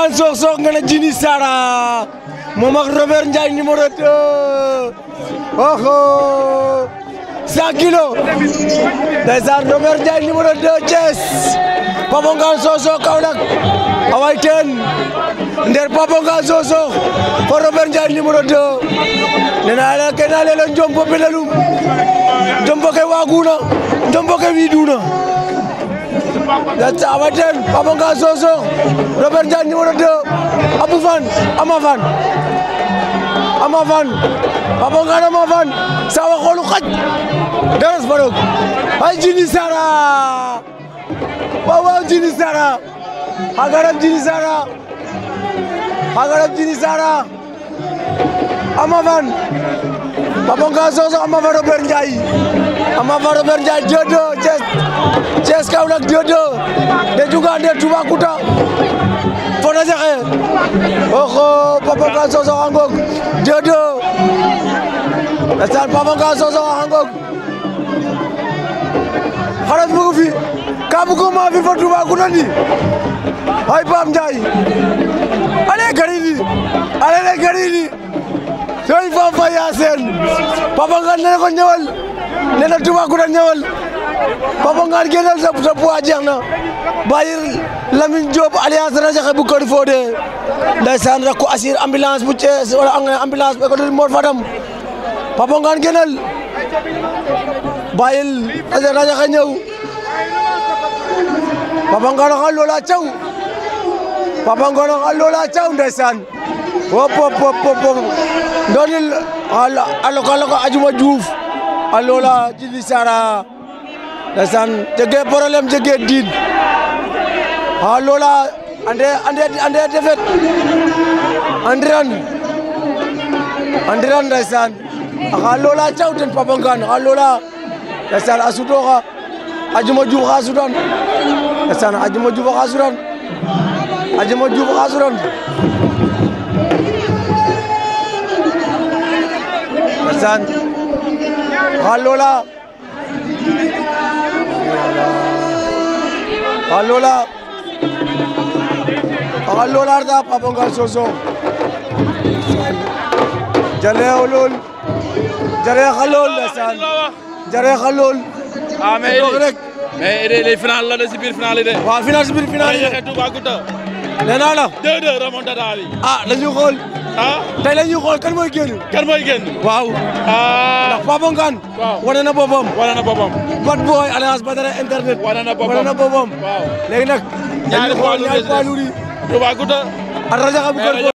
Ousmane Sokh Jini Sara moom ak Robert Ndiaye numéro 2 oh 100 kilos ndeysaan Robert Ndiaye numéro 2 Thiès Papa Ngane Sokh Kaolack away nder Papa Ngane fo Robert Ndiaye numéro 2 nee naa leen ke naa leen jompo belalum jompo ke waaguna jompo ke wiiduna That's our team. Paponga Soso, Robert Jan numéro 2, Abou Fan, Amafan. Amafan. Paponga Amafan. Sawa xolu xaj. Deres Barok. Ay Jini Sara. Jini Sara. Hagarab Jini Sara. Hagarab Jini Sara. Amafan. Ama Baldé Père Ndiaye 2-2 Thiès Thiès Kaolack 2-2 de Diougane Toubacouta Fodé Diakhé oxo Papa Kan Sosokh a ngoog 2-2 ndeysaan Papa Kan Sosokh a ngoog xarit mu ngi fi ka bugo ma fi fa Toubacouta ndi ay Pape Ndiaye ale garidi ale garidi soy Fama Faye yaa seen Papa Kan ne ko nee na Toubacouta ñëwal Papa Ngane génnal sa sa poids jeex na bàyyi Lamine Diop alliance rajaxe bu Kër Fodé ndeysaan rek ko assir ambulance bu Thiès wala ambulance bu école Mor Fadam Papa Ngane génnal bàyyi rajaxe ñëw Papa Ngane xa loola caw Papa Ngane xa loola caw ndeysaan hop hop hop hop doonil aloko aloko ajuma Juuf alola jili sara dasan jege problème jege din alola ande ande ande defet andiran andiran dasan alola chawten pabangan alola dasan asudoga ajuma ju khasudan dasan ajuma ju khasudan ajuma ju khasudan dasan Hallola Hallola Hallolarda Papongal Soso Jare ulul Jare Halol ndeysaan Jare Halol amé rek mais les finales la de si biir finale yi de waaw final si biir finale yi la 2-2 remontada bi ah dañuy xool la ñuy xool kan mooy kan mooy génn waaw ah. Papa Ngane. waaw wane na boppam. wane na boppam. Bad Boy Alliance Badara internet. wane na boppam wane na boppam. waaw léegi nag. ñaari poids lourds ñaari poids lourds yi. Toubacouta. ak rajo xam